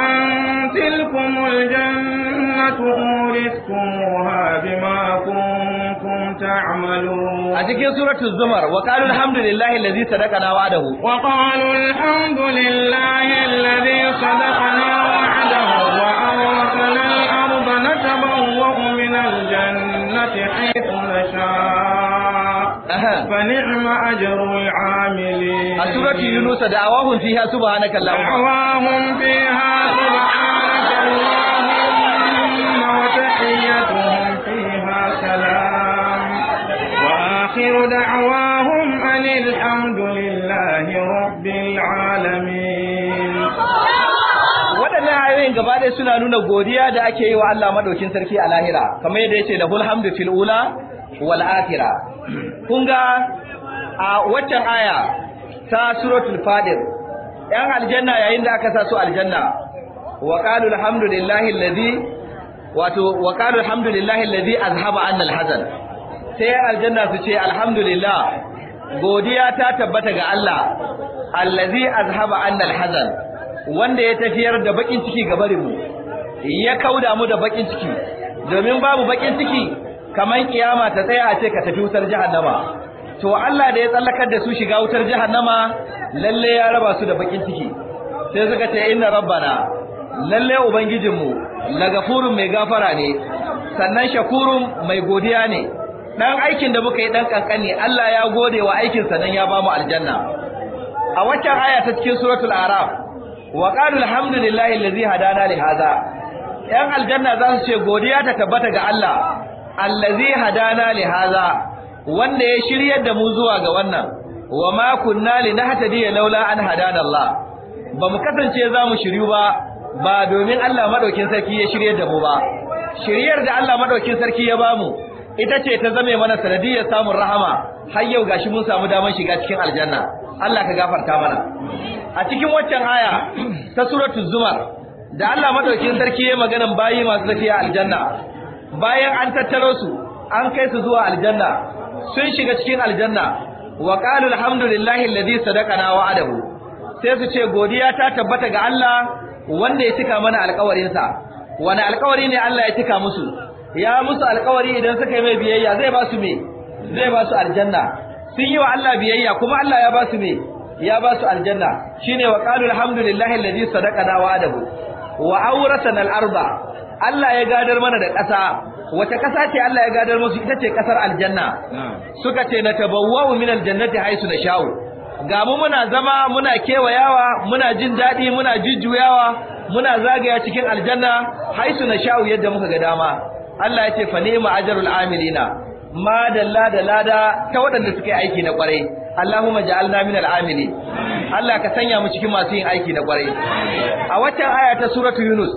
Speaker 1: أن تلكم الجنة فاتوا رزقها بما كنتم تعملون أتكي
Speaker 2: سورة الزمر وقالوا الحمد لله الذي صدقنا وعده
Speaker 1: وقالوا الحمد لله الذي صدقنا وعده وأورثنا الأرض نتبوأ من الجنة حيث نشاء فنعم أجر العاملين سورة يونس دعواهم فيها سبحانك اللهم دعواهم فيها سبحانك اللهم وآخر دعواهم أن
Speaker 2: الحمد لله رب العالمين waɗannan ayoyin gaba ɗaya suna nuna godiya da ake yi wa Allah madaukin sarki a lahira kamar yadda yace lahul hamdu fil ula wal akhirah kun ga a waccan aya ta suratul fadir yan aljanna yayin da aka sa su aljanna wa qalu alhamdulillahi alladhi wato wa qalu alhamdulillahi alladhi azhaba anna alhazan sai aljanna su ce alhamdulillah godiya ta tabbata ga Allah allazi azhaba anna alhazan wanda ya tafiyar da bakin ciki ga barin mu ya kauda mu da bakin ciki domin babu bakin ciki kaman kiyama ta tsaya a ce ka tafi wutar jahannama to Allah da ya tsallakar da su shiga wutar jahannama lalle ya raba su da bakin ciki sai suka ce inna rabbana lalle ubangijinmu lagafurun mai gafara ne sannan shakurun mai godiya ne dan aikin da muka yi dan kankani Allah ya gode wa aikin sa dan ya bamu aljanna
Speaker 3: a waccan aya ta
Speaker 2: cikin suratul araf wa qalu alhamdulillahi allazi hadana li hadha yan aljanna za su ce godiya ta tabbata ga Allah allazi hadana li hadha wanda ya shiryar da mu zuwa ga wannan wa ma kunna linahtadiya laula an hadana Allah ba mu kasance za mu shiryu ba ba domin Allah madaukin sarki ya shiryar da mu ba shiryar da Allah madaukin sarki ya bamu ita ce ta zame mana sanadiyar samun rahama har yau gashi mun samu damar shiga cikin aljanna Allah ka gafarta mana a cikin waccan aya ta suratu zumar da Allah madaukakin sarki ya maganan bayi masu tafiya aljanna bayan an tattaro su an kai su zuwa aljanna sun shiga cikin aljanna wa qalu alhamdulillahi alladhi sadaqana wa'adahu sai su ce godiya ta tabbata ga Allah wanda ya cika mana sa wani alƙawari ne Allah ya cika musu ya musu alkawari idan suka yi mai biyayya zai ba su me zai ba su aljanna sun yi wa Allah biyayya kuma Allah ya ba su me ya ba su aljanna shine wa qalu alhamdulillahi alladhi sadaqana wa'adahu wa awratana al-arba Allah ya gadar mana da ƙasa Wace ƙasa ce Allah ya gadar musu ita ce ƙasar aljanna suka ce na tabawwa'u min aljannati haisu na sha'u ga mu muna zama muna kewayawa muna jin daɗi muna jujjuyawa muna zagaya cikin aljanna haisu na sha'u yadda muka ga dama Allah ya ce fa ni'ma ajrul amilina ma dalla da lada ta waɗanda suka yi aiki na ƙwarai Allahumma ja'alna min amili Allah ka sanya mu cikin masu yin aiki na ƙwarai a waccan aya ta suratu Yunus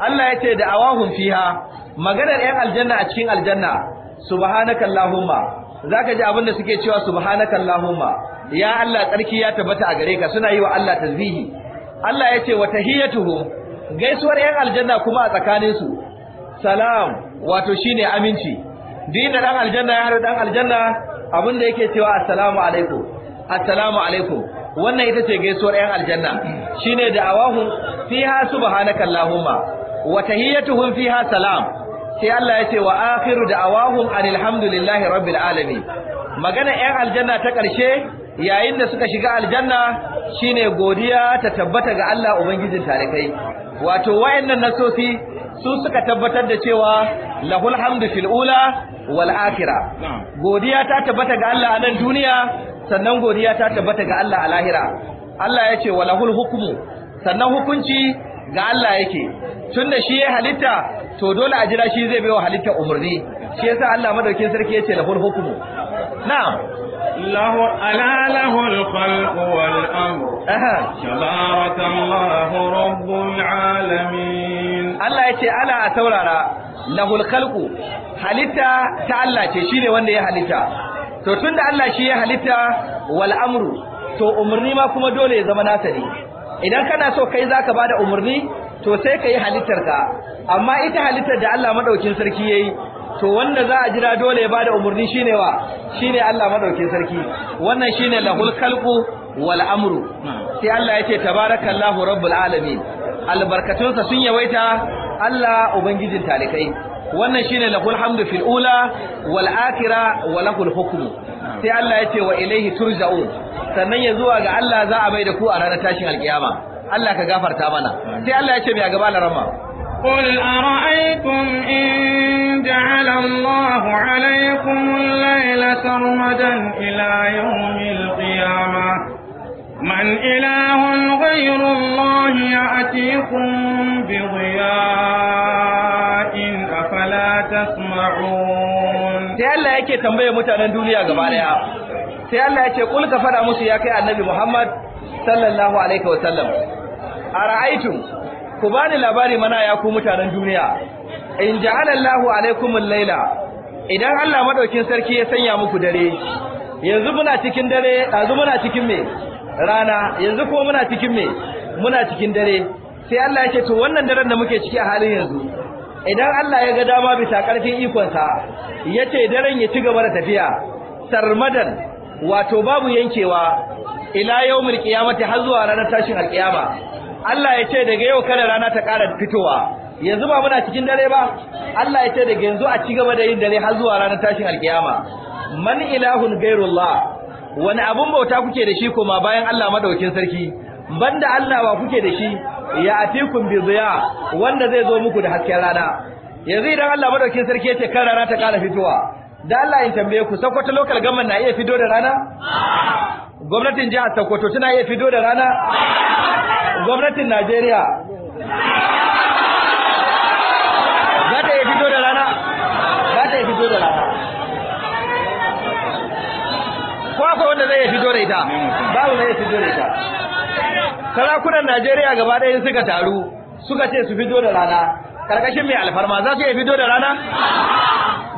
Speaker 2: Allah ya ce da awahum fiha maganar 'yan aljanna a cikin aljanna subhanakallahumma zaka ji abin da suke cewa subhanakallahumma ya Allah tsarki ya tabbata a gare ka suna yi wa Allah tasbihi Allah ya ce wa tahiyatuhum gaisuwar 'yan aljanna kuma a tsakaninsu salam wato shine aminci duk da dan aljanna ya haɗa dan aljanna abin da yake cewa assalamu alaikum assalamu alaikum wannan ita ce gaisuwar yan aljanna shine da awahum fiha subhanakallahumma wa tahiyyatuhum fiha salam sai Allah ya ce wa akhiru da awahum alhamdulillahi rabbil alamin magana yan aljanna ta ƙarshe yayin da suka shiga aljanna shine godiya ta tabbata ga Allah ubangijin tarikai wato wayannan nasosi su suka tabbatar da cewa lahul hamdu fil ula wal akhirah godiya ta tabbata ga Allah a nan duniya sannan godiya ta tabbata ga Allah a lahira Allah ya ce walahul hukmu sannan hukunci ga Allah yake tunda shi ya halitta to dole a jira shi zai bai wa halitta umurni shi yasa Allah madaukin sarki ya ce lahul hukmu na'am له ألا
Speaker 1: له الخلق والأمر تبارك الله رب
Speaker 2: العالمين الله يتي ألا أتورارا له الخلق halitta ta Allah ce shine wanda ya halitta to tunda Allah shi ya halitta wal'amru, to umarni ma kuma dole ya zama nasa ne idan kana so kai zaka bada umarni, to sai kai halittar ka amma ita halittar da Allah madaukin sarki yayi to wanda za a jira dole ya bada umurni shine wa shine Allah madauke sarki wannan shine lahul khalqu wal amru sai Allah yace tabarakallahu rabbul alamin albarkatunsa sun yawaita Allah ubangijin talikai wannan shine lahul hamdu fil ula wal akhirah wa lahul hukmu sai Allah yace wa ilayhi turja'un sannan ya zuwa ga Allah za a bai da ku a ranar tashin alkiyama Allah ka gafarta mana sai Allah yace mai gaba larama
Speaker 1: قل أرأيتم إن جعل الله عليكم الليل سرمدا إلى يوم القيامة من إله غير الله يأتيكم بضياء أفلا تسمعون
Speaker 2: تيالا يكي تنبيه متعنى دوليا قبالها تيالا يكي قل كفر أمسي يا النبي محمد sallallahu alaihi wasallam ara'aytum ku bani labari mana ya ku mutanen duniya in ja'ala Allahu alaikumul laila idan Allah madaukin sarki ya sanya muku dare yanzu muna cikin dare yanzu muna cikin me rana yanzu ko muna cikin me muna cikin dare sai Allah ya ce to wannan daren da muke ciki a halin yanzu idan Allah ya ga dama bisa karfin ikonsa yace daren ya ci gaba da tafiya sarmadan wato babu yankewa ila yawmul qiyamati har zuwa ranar tashin alqiyama Allah ya ce daga yau kada rana ta ƙara fitowa yanzu ba muna cikin dare ba Allah ya ce daga yanzu a ci gaba da yin dare har zuwa ranar tashin alkiyama man ilahun gairullah wani abun bauta kuke da shi kuma bayan Allah madaukin sarki banda Allah ba kuke da shi ya atikum bi ziya wanda zai zo muku da hasken rana yanzu idan Allah madaukin sarki ya ce kan rana ta ƙara fitowa da Allah in tambaye ku sakwato local government na iya fito da rana gwamnatin jihar Sokoto tana iya fito da rana gwamnatin Najeriya za ta yi fito da rana za ta yi fito da rana ko akwai wanda zai yi fito da ita babu zai fito da ita sarakunan Najeriya gaba ɗaya suka taru suka ce su fito da rana karkashin mai alfarma za su iya fito da rana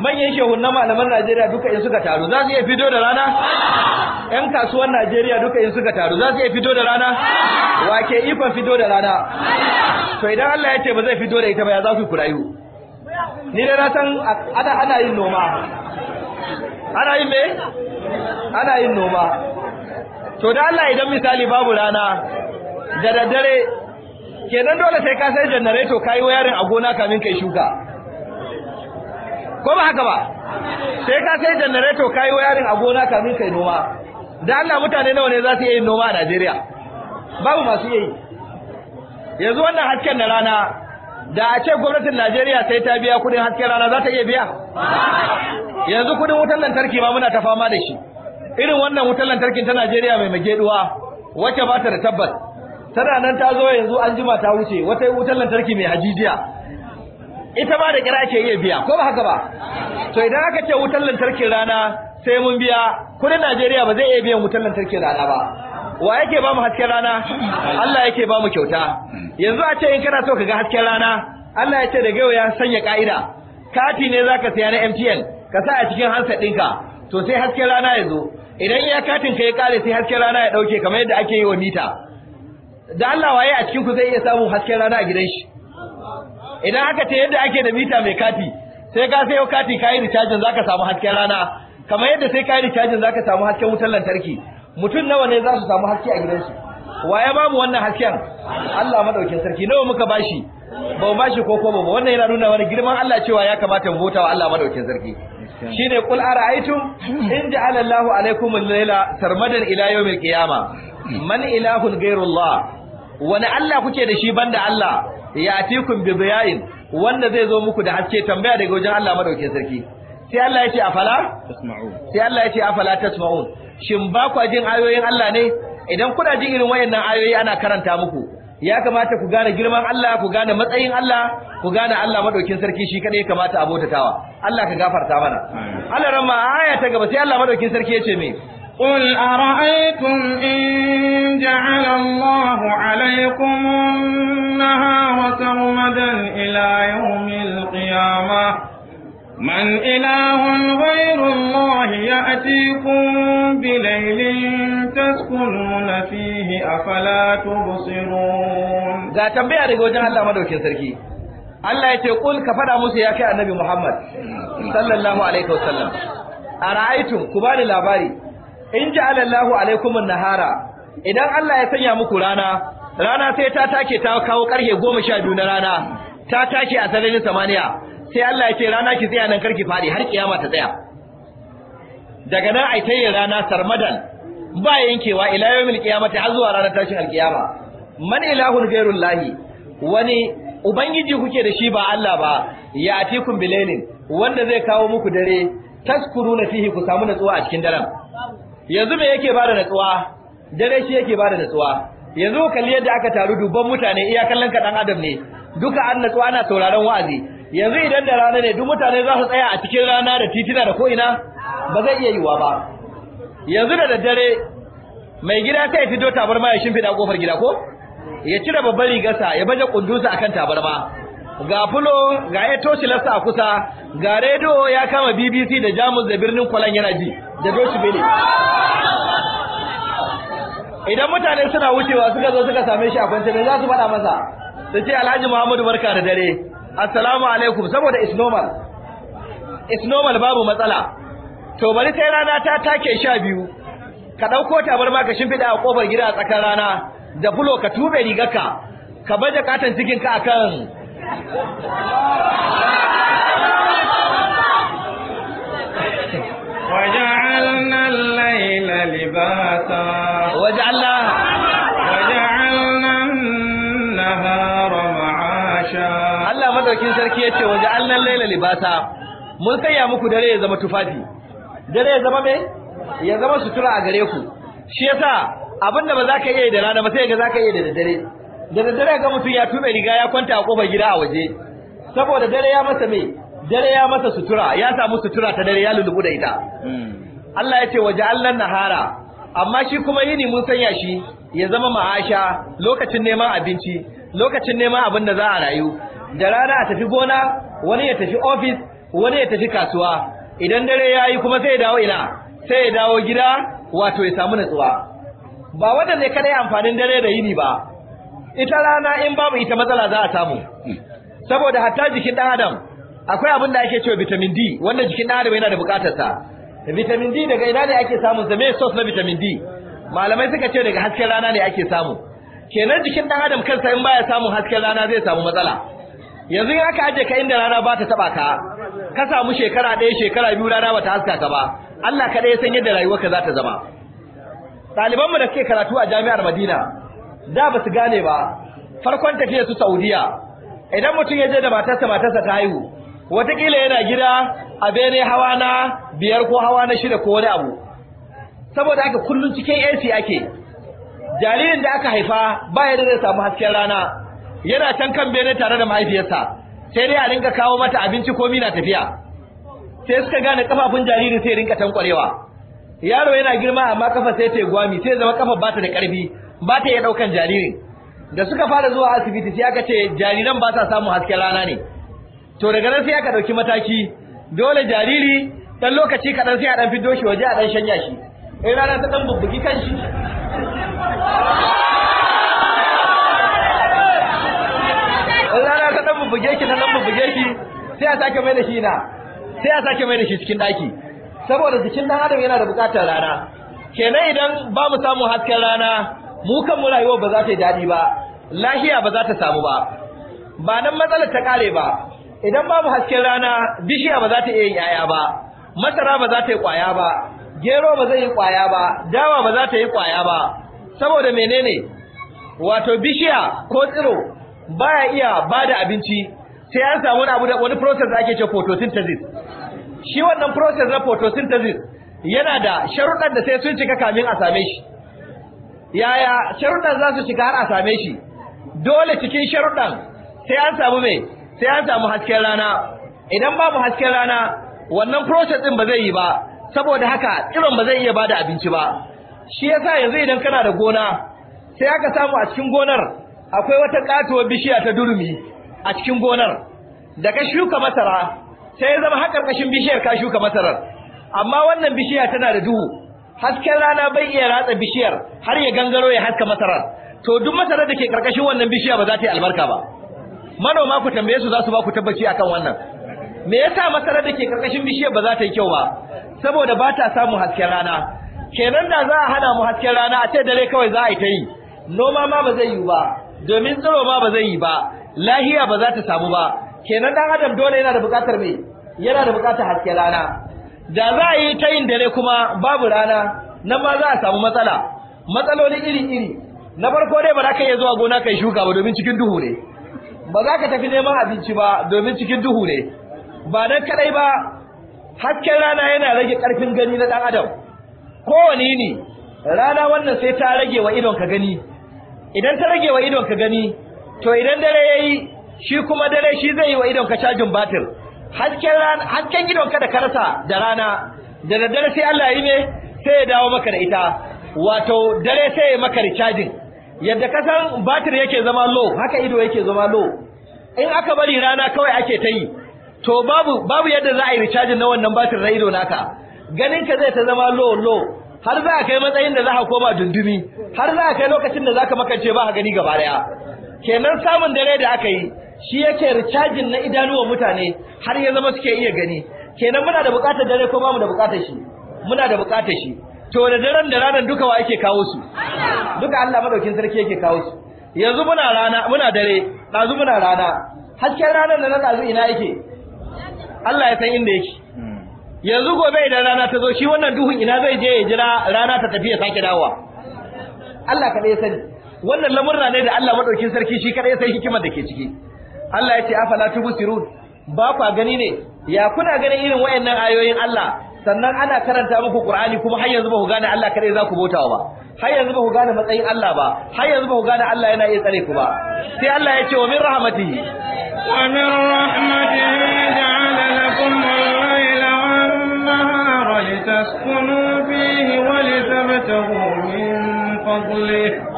Speaker 2: manyan na malaman Najeriya duka in suka taru za su iya fito da rana 'yan kasuwan Najeriya duka yin suka taru za su iya fito da rana wa ke ikon fito da rana to idan Allah ya ce ba zai fito da ita ba ya za ku kurayu ni dai na san ana ana yin noma
Speaker 3: ana yin me ana yin noma
Speaker 2: to da Allah idan misali babu rana da daddare kenan dole sai ka sai janareto kai wayarin a gona kamin kai shuka ko ba haka ba sai ka sai janareto kai wayarin a gona kamin kai noma da Allah mutane nawa ne za su iya yin noma a Najeriya babu masu yi yanzu wannan hasken na rana da a ce gwamnatin Najeriya sai ta biya kudin hasken rana za ta iya biya yanzu kudin wutar lantarki ma muna ta fama da shi irin wannan wutar lantarkin ta Najeriya mai mageduwa wacce ba ta da tabbas tana nan ta zo yanzu an jima ta wuce wata wutar lantarki mai hajijiya ita ma da kira ake iya biya ko ba haka ba to idan aka ce wutar lantarkin rana sai mun biya kudin Najeriya ba zai iya biyan wutar lantarki rana ba wa yake ba mu hasken rana Allah yake ba mu kyauta yanzu a ce in kana so ka ga hasken rana Allah ya ce daga yau ya sanya ka'ida kati ne zaka saya na MTN ka sa a cikin handset ɗinka to sai hasken rana ya zo idan iya katin ka ya kare sai hasken rana ya dauke kamar yadda ake yi wa mita da Allah waye a cikin ku zai iya samun hasken rana a gidan shi idan haka ta yadda ake da mita mai kati sai ka sayo kati kayi za zaka samu hasken rana kamar yadda sai kayi cajin zaka samu hasken wutar lantarki mutum nawa ne za su samu haske a gidansu waye ba mu wannan hasken Allah madaukin sarki nawa muka bashi ba mu bashi ko ko ba wannan yana nuna wani girman Allah cewa ya kamata mu bauta wa Allah madaukin sarki shine kul ara'aytum in ja'ala Allahu alaykum al-layla sarmadan ila yawmil man ilahun ghayrullah wani Allah kuke da shi banda Allah ya'tikum bi bayanin wanda zai zo muku da haske tambaya daga wajen Allah madaukin sarki sai Allah ya ce afala fala? sai Allah ya ce afala tasma'un shin ba ku jin ayoyin Allah ne idan kuna jin irin wayannan ayoyi ana karanta muku ya kamata ku gane girman Allah ku gane matsayin Allah ku gane Allah madaukin sarki shi kadai kamata abotatawa Allah ka gafarta mana Allah ran aya ta gaba sai Allah madaukin sarki ya ce me قل أرأيتم
Speaker 1: إن جعل
Speaker 2: الله عليكم النهار سرمدا
Speaker 1: إلى يوم القيامة من إله غير الله يأتيكم بليل
Speaker 2: تسكنون فيه أفلا تبصرون ذا تنبيه رجوع جهة الله مدوك يسركي Allah ya ce kul faɗa musu ya kai annabi Muhammad sallallahu alaihi wasallam ara'aytum ku bani labari in ja'ala Allahu alaikum an-nahara idan Allah ya sanya muku rana rana sai ta take ta kawo goma sha biyu na rana ta take a sararin samaniya sai Allah ya ce rana ki tsaya nan karki fadi har kiyama ta tsaya daga nan ai tayi rana sarmadan ba yankewa ila yawmil qiyamati har zuwa ranar tashin alqiyama man ilahun ghairullahi wani ubangiji kuke da shi ba Allah ba ya atikum bilailin wanda zai kawo muku dare taskuruna fihi ku samu natsuwa a cikin daren yanzu me yake bada natsuwa dare shi yake bada natsuwa yanzu kalli yadda aka taru dubban mutane iya kallon ka dan adam ne duka an natsuwa ana sauraron wa'azi yanzu idan da rana ne duk mutane za su tsaya a cikin rana da titina da ko'ina ba zai iya yiwa ba yanzu da daddare mai gida sai ya fito tabarma ya shimfiɗa kofar gida ko ya cire babban rigarsa ya baje kundusa akan tabarma ga fulo ga ya toshilarsa a kusa ga rediyo ya kama bbc da jamus da birnin kwalan yana ji da doshi bele idan mutane suna wucewa suka zo suka same shi a kwance da za su faɗa masa su ce alhaji muhammadu barka da dare assalamu alaikum saboda is normal is normal babu matsala to bari sai rana ta take sha biyu ka ɗauko tabarmaka shimfiɗa a ƙofar gida a tsakar rana da fulo ka tube rigarka ka baje katan cikin ka akan
Speaker 3: وجعلنا
Speaker 1: الليل لباسا وجعلنا وجعلنا النهار
Speaker 2: معاشا madaukin sarki yace waje allan laila libasa mun sanya muku dare ya zama tufafi dare ya zama me ya zama sutura a gare ku shi yasa abinda ba za ka iya da rana ba sai ga za ka iya da daddare da daddare ga mutum ya tube riga ya kwanta a kofar gida a waje saboda dare ya masa me dare ya masa sutura ya samu sutura ta dare ya lulubu da ita Allah ya ce waje allan nahara amma shi kuma yini mun sanya shi ya zama ma'asha lokacin neman abinci lokacin neman abin da za a rayu da rana a tafi gona wani ya tafi ofis wani ya tafi kasuwa idan dare ya yi kuma sai ya dawo ina sai ya dawo gida wato ya samu natsuwa ba wadanda ya kada ya amfanin dare da yini ba ita rana in babu ita matsala za a samu saboda hatta jikin dan adam akwai abin da ake cewa vitamin D wanda jikin dan adam yana da bukatar sa vitamin D daga ina ne ake samun sa me source na vitamin D malamai suka ce daga hasken rana ne ake samu kenan jikin dan adam kansa in baya samun hasken rana zai samu matsala yanzu ya ka ajiye ka inda rana ba ta taba ka ka samu shekara ɗaya shekara biyu rana ba ta haska ka ba Allah kaɗai ya san yadda rayuwarka za ta zama mu da suke karatu a jami'ar Madina da ba su gane ba farkon tafiya su Saudiya idan mutum ya je da matarsa matarsa ta haihu Wataƙila yana gida a bene hawa na biyar ko hawa na shida ko wani abu saboda haka kullum cikin AC ake jaririn da aka haifa ba ya da samu hasken rana yana can kan bene tare da mahaifiyarsa sai dai a rinka kawo mata abinci ko mina tafiya sai suka gane kafafun jaririn sai rinka tankwarewa yaro yana girma amma kafa sai ta gwami sai zama kafa ba ta da karfi ba ta iya daukan jaririn da suka fara zuwa asibiti sai aka ce jariran ba sa samun hasken rana ne to daga nan sai aka dauki mataki dole jariri dan lokaci kadan sai a dan fiddo shi waje a dan shanya shi rana ta dan bubbugi shi sai a sake mai da shi na sai a sake mai da shi cikin daki saboda jikin dan adam yana da bukatar rana kenan idan ba mu samu hasken rana mu kan mu rayuwa ba za ta yi daɗi ba lahiya ba za ta samu ba ba nan matsalar ta kare ba idan babu hasken rana bishiya ba za ta iya yin yaya ba masara ba za ta yi kwaya ba gero ba zai yi kwaya ba dawa ba za ta yi kwaya ba saboda menene wato bishiya ko tsiro baya iya bada abinci sai an samu wani abu da wani process ake ce photosynthesis shi wannan process na photosynthesis yana da sharuɗan da sai sun cika kamin a same shi yaya sharuɗan za su cika har a same shi dole cikin sharuɗan sai an samu mai sai an samu hasken rana idan babu hasken rana wannan process din ba zai yi ba saboda haka tsiron ba zai iya bada abinci ba shi yasa yanzu idan kana da gona sai aka samu a cikin gonar akwai wata katuwar bishiya ta durumi a cikin gonar da ka shuka masara sai ya zama har ƙarƙashin bishiyar ka shuka masarar amma wannan bishiya tana da duhu hasken rana bai iya ratsa bishiyar har ya gangaro ya haska masarar to duk masarar da ke karkashin wannan bishiya ba za ta yi albarka ba manoma ku tambaye su za su ba ku tabbaci akan wannan me yasa masarar da ke karkashin bishiyar ba za ta yi kyau ba saboda ba ta samu hasken rana kenan da za a hana mu hasken rana a ce dare kawai za a yi ta yi noma ma ba zai yi ba domin tsiro ma ba zai yi ba lahiya ba za ta samu ba kenan dan adam dole yana da bukatar me yana da bukatar haske rana da za a yi ta yin dare kuma babu rana nan ma za a samu matsala matsaloli iri iri na farko dai ba za ka iya zuwa gona kai shuka ba domin cikin duhu ne ba za ka tafi neman abinci ba domin cikin duhu ne ba dan kadai ba hasken rana yana rage karfin gani na dan adam kowane ne rana wannan sai ta rage wa idon ka gani idan ta rage wa idon ka gani to idan dare ya yi, shi kuma dare shi zai yi wa idon ka cajin batir hasken ran ka da karasa da rana da daddare sai Allah yi ne sai ya dawo maka da ita wato dare sai ya maka cajin yadda ka san batir yake zama low haka ido yake zama low in aka bari rana kawai ake ta yi to babu yadda za a yi cajin na wannan batir na ido naka ganin ka zai ta zama lo low har za a kai matsayin da za a koma dundumi har za a kai lokacin da za ka makance ba a gani gaba daya kenan samun dare da aka yi shi yake recharging na idanuwa mutane har ya zama suke iya gani kenan muna da bukatar dare ko ba mu da bukatar shi muna da bukatar shi to da daren da ranar duka wa yake kawo su duka Allah madaukin sarki yake kawo su yanzu muna rana muna dare dazu muna rana hasken ranar da na dazu ina yake Allah ya san inda yake yanzu gobe idan rana ta zo shi wannan duhun ina zai je ya jira rana ta tafi ya sake dawowa Allah kaɗai ya sani wannan lamurra ne da Allah madaukin sarki shi kadai sai hikimar da ke ciki Allah ya ce afala tubsirun ba kwa gani ne ya kuna ganin irin wayannan ayoyin Allah sannan ana karanta muku Qur'ani kuma har yanzu ba ku gane Allah kadai za ku bautawa ba har yanzu ba ku gane matsayin Allah ba har yanzu ba ku gane Allah yana iya tsare ku ba sai Allah ya ce wa min rahmatihi
Speaker 1: wa min rahmatihi ja'ala lakum al-layla wan-nahara litaskunu fihi wa litabtaghu min fadlihi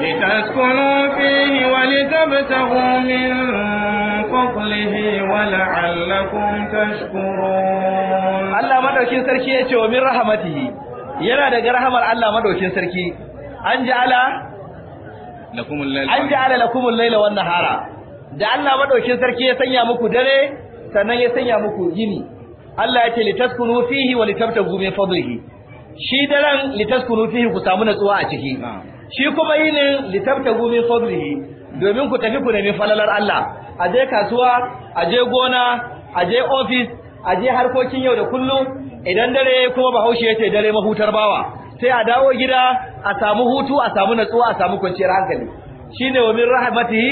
Speaker 1: لتسكنوا فيه ولتبتغوا من
Speaker 2: فضله ولعلكم تشكرون الله مدوكين سركي يتي من رحمته yana daga rahamar Allah madaukin sarki an ja'ala lakumul layla an ja'ala lakumul da Allah madaukin sarki ya sanya muku dare sannan ya sanya muku yini Allah ya ce litaskunu fihi wa litabtagu min fadlihi shi daren litaskunu fihi ku samu natsuwa a ciki shi kuma yi ne litabtagu gumi fadlihi domin ku tafi ku nemi falalar Allah a je kasuwa a je gona a je office a je harkokin yau da kullum idan dare kuma bahaushe ya ce dare mahutar bawa sai a dawo gida a samu hutu a samu natsuwa a samu kwanciyar hankali shine wa min rahmatihi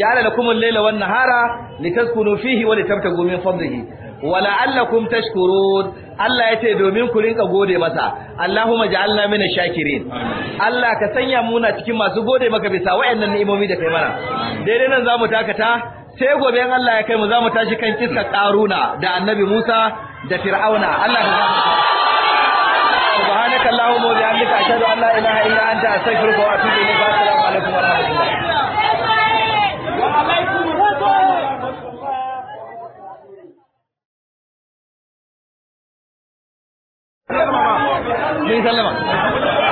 Speaker 2: ja'ala lakum al-layla wan nahara litaskunu fihi wa litabtagu min fadlihi ولعلكم تشكرون Allah ya ce domin ku rinka gode masa Allahumma ja'alna ash shakirin Allah ka sanya muna cikin masu gode maka bisa wayannan ni'imomi da kai mana daidai nan zamu takata sai gobe in Allah ya kai mu zamu tashi kan kiska Karuna da Annabi Musa da Fir'auna Allah ka Allahumma wa bihamdika ashhadu an la ilaha illa anta astaghfiruka wa atubu ilayk
Speaker 3: sallama